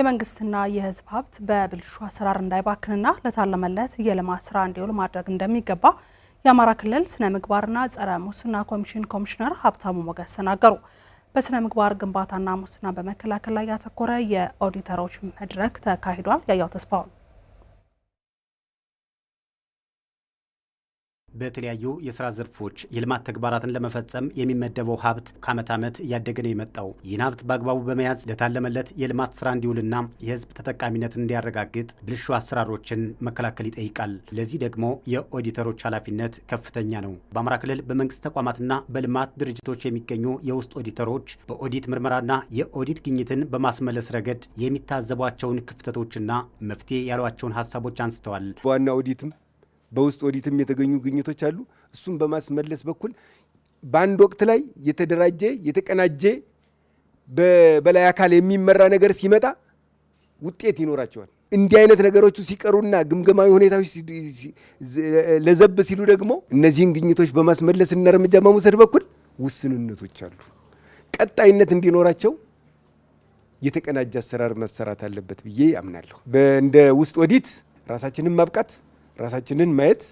የመንግስትና የህዝብ ሀብት በብልሹ አሰራር እንዳይባክንና ለታለመለት የልማት ስራ እንዲውል ማድረግ እንደሚገባ የአማራ ክልል ስነ ምግባርና ጸረ ሙስና ኮሚሽን ኮሚሽነር ሀብታሙ ሞገስ ተናገሩ። በስነ ምግባር ግንባታና ሙስና በመከላከል ላይ ያተኮረ የኦዲተሮች መድረክ ተካሂዷል። ያያው ተስፋውን በተለያዩ የስራ ዘርፎች የልማት ተግባራትን ለመፈጸም የሚመደበው ሀብት ከዓመት ዓመት እያደገ ነው የመጣው። ይህን ሀብት በአግባቡ በመያዝ ለታለመለት የልማት ስራ እንዲውልና የህዝብ ተጠቃሚነትን እንዲያረጋግጥ ብልሹ አሰራሮችን መከላከል ይጠይቃል። ለዚህ ደግሞ የኦዲተሮች ኃላፊነት ከፍተኛ ነው። በአማራ ክልል በመንግስት ተቋማትና በልማት ድርጅቶች የሚገኙ የውስጥ ኦዲተሮች በኦዲት ምርመራና የኦዲት ግኝትን በማስመለስ ረገድ የሚታዘቧቸውን ክፍተቶችና መፍትሄ ያሏቸውን ሀሳቦች አንስተዋል። ዋና ኦዲትም በውስጥ ኦዲትም የተገኙ ግኝቶች አሉ። እሱም በማስመለስ በኩል በአንድ ወቅት ላይ የተደራጀ የተቀናጀ በበላይ አካል የሚመራ ነገር ሲመጣ ውጤት ይኖራቸዋል። እንዲህ አይነት ነገሮቹ ሲቀሩና ግምገማዊ ሁኔታዎች ለዘብ ሲሉ ደግሞ እነዚህን ግኝቶች በማስመለስ እና እርምጃ በመውሰድ በኩል ውስንነቶች አሉ። ቀጣይነት እንዲኖራቸው የተቀናጀ አሰራር መሰራት አለበት ብዬ አምናለሁ። እንደ ውስጥ ኦዲት ራሳችንን ማብቃት ራሳችንን ማየት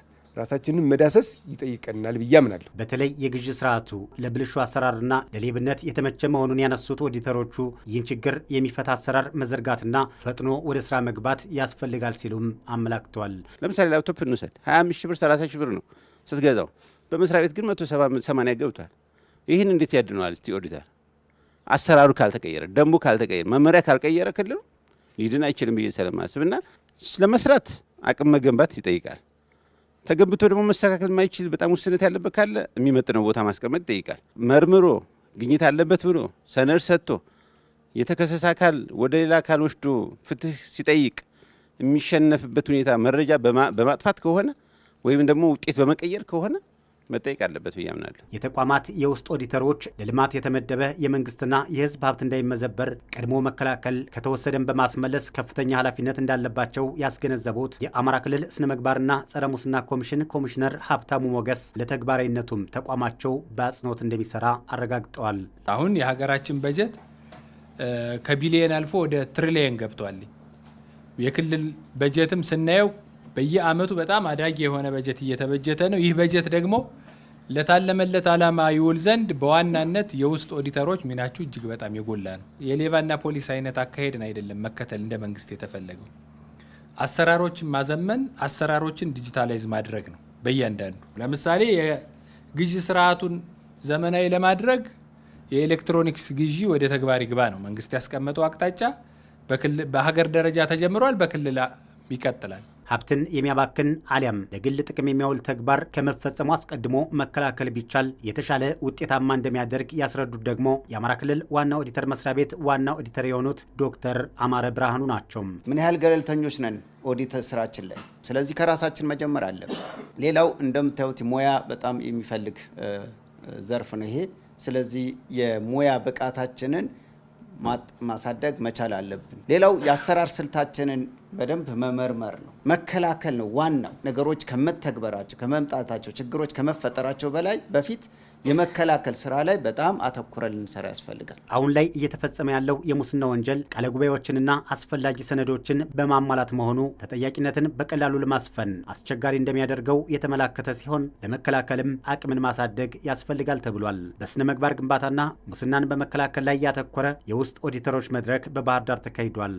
ራሳችንን መዳሰስ ይጠይቀናል ብዬ አምናለሁ። በተለይ የግዥ ስርዓቱ ለብልሹ አሰራርና ለሌብነት የተመቸ መሆኑን ያነሱት ኦዲተሮቹ ይህን ችግር የሚፈታ አሰራር መዘርጋትና ፈጥኖ ወደ ስራ መግባት ያስፈልጋል ሲሉም አመላክተዋል። ለምሳሌ ላፕቶፕ እንውሰድ። 25 ሺህ ብር 30 ብር ነው ስትገዛው፣ በመስሪያ ቤት ግን 180 ገብቷል። ይህን እንዴት ያድነዋል? እስቲ ኦዲተር አሰራሩ ካልተቀየረ፣ ደንቡ ካልተቀየረ፣ መመሪያ ካልቀየረ ክልሉ ሊድን አይችልም ብዬ ስለማስብ እና ስለመስራት አቅም መገንባት ይጠይቃል። ተገንብቶ ደግሞ መስተካከል የማይችል በጣም ውስነት ያለበት ካለ የሚመጥነው ቦታ ማስቀመጥ ይጠይቃል። መርምሮ ግኝት አለበት ብሎ ሰነድ ሰጥቶ የተከሰሰ አካል ወደ ሌላ አካል ወስዶ ፍትህ ሲጠይቅ የሚሸነፍበት ሁኔታ መረጃ በማጥፋት ከሆነ ወይም ደግሞ ውጤት በመቀየር ከሆነ መጠየቅ አለበት ብዬ አምናለሁ። የተቋማት የውስጥ ኦዲተሮች ለልማት የተመደበ የመንግስትና የህዝብ ሀብት እንዳይመዘበር ቀድሞ መከላከል ከተወሰደን በማስመለስ ከፍተኛ ኃላፊነት እንዳለባቸው ያስገነዘቡት የአማራ ክልል ስነ ምግባርና ጸረ ሙስና ኮሚሽን ኮሚሽነር ሀብታሙ ሞገስ ለተግባራዊነቱም ተቋማቸው በአጽንኦት እንደሚሰራ አረጋግጠዋል። አሁን የሀገራችን በጀት ከቢሊየን አልፎ ወደ ትሪሊየን ገብቷል። የክልል በጀትም ስናየው በየአመቱ በጣም አዳጊ የሆነ በጀት እየተበጀተ ነው። ይህ በጀት ደግሞ ለታለመለት አላማ ይውል ዘንድ በዋናነት የውስጥ ኦዲተሮች ሚናችሁ እጅግ በጣም የጎላ ነው። የሌባና ፖሊስ አይነት አካሄድን አይደለም መከተል እንደ መንግስት የተፈለገው። አሰራሮችን ማዘመን፣ አሰራሮችን ዲጂታላይዝ ማድረግ ነው። በእያንዳንዱ ለምሳሌ የግዢ ስርዓቱን ዘመናዊ ለማድረግ የኤሌክትሮኒክስ ግዢ ወደ ተግባር ይግባ ነው መንግስት ያስቀመጠው አቅጣጫ። በሀገር ደረጃ ተጀምሯል፣ በክልል ይቀጥላል። ሀብትን የሚያባክን አሊያም ለግል ጥቅም የሚያውል ተግባር ከመፈጸሙ አስቀድሞ መከላከል ቢቻል የተሻለ ውጤታማ እንደሚያደርግ ያስረዱት ደግሞ የአማራ ክልል ዋና ኦዲተር መስሪያ ቤት ዋና ኦዲተር የሆኑት ዶክተር አማረ ብርሃኑ ናቸው። ምን ያህል ገለልተኞች ነን ኦዲት ስራችን ላይ። ስለዚህ ከራሳችን መጀመር አለ ሌላው እንደምታዩት ሙያ በጣም የሚፈልግ ዘርፍ ነው ይሄ። ስለዚህ የሙያ ብቃታችንን ማሳደግ መቻል አለብን። ሌላው የአሰራር ስልታችንን በደንብ መመርመር ነው፣ መከላከል ነው ዋናው። ነገሮች ከመተግበራቸው ከመምጣታቸው፣ ችግሮች ከመፈጠራቸው በላይ በፊት የመከላከል ስራ ላይ በጣም አተኩረን ልንሰራ ያስፈልጋል። አሁን ላይ እየተፈጸመ ያለው የሙስና ወንጀል ቃለ ጉባኤዎችንና አስፈላጊ ሰነዶችን በማሟላት መሆኑ ተጠያቂነትን በቀላሉ ለማስፈን አስቸጋሪ እንደሚያደርገው የተመላከተ ሲሆን ለመከላከልም አቅምን ማሳደግ ያስፈልጋል ተብሏል። በስነ ምግባር ግንባታና ሙስናን በመከላከል ላይ ያተኮረ የውስጥ ኦዲተሮች መድረክ በባህር ዳር ተካሂዷል።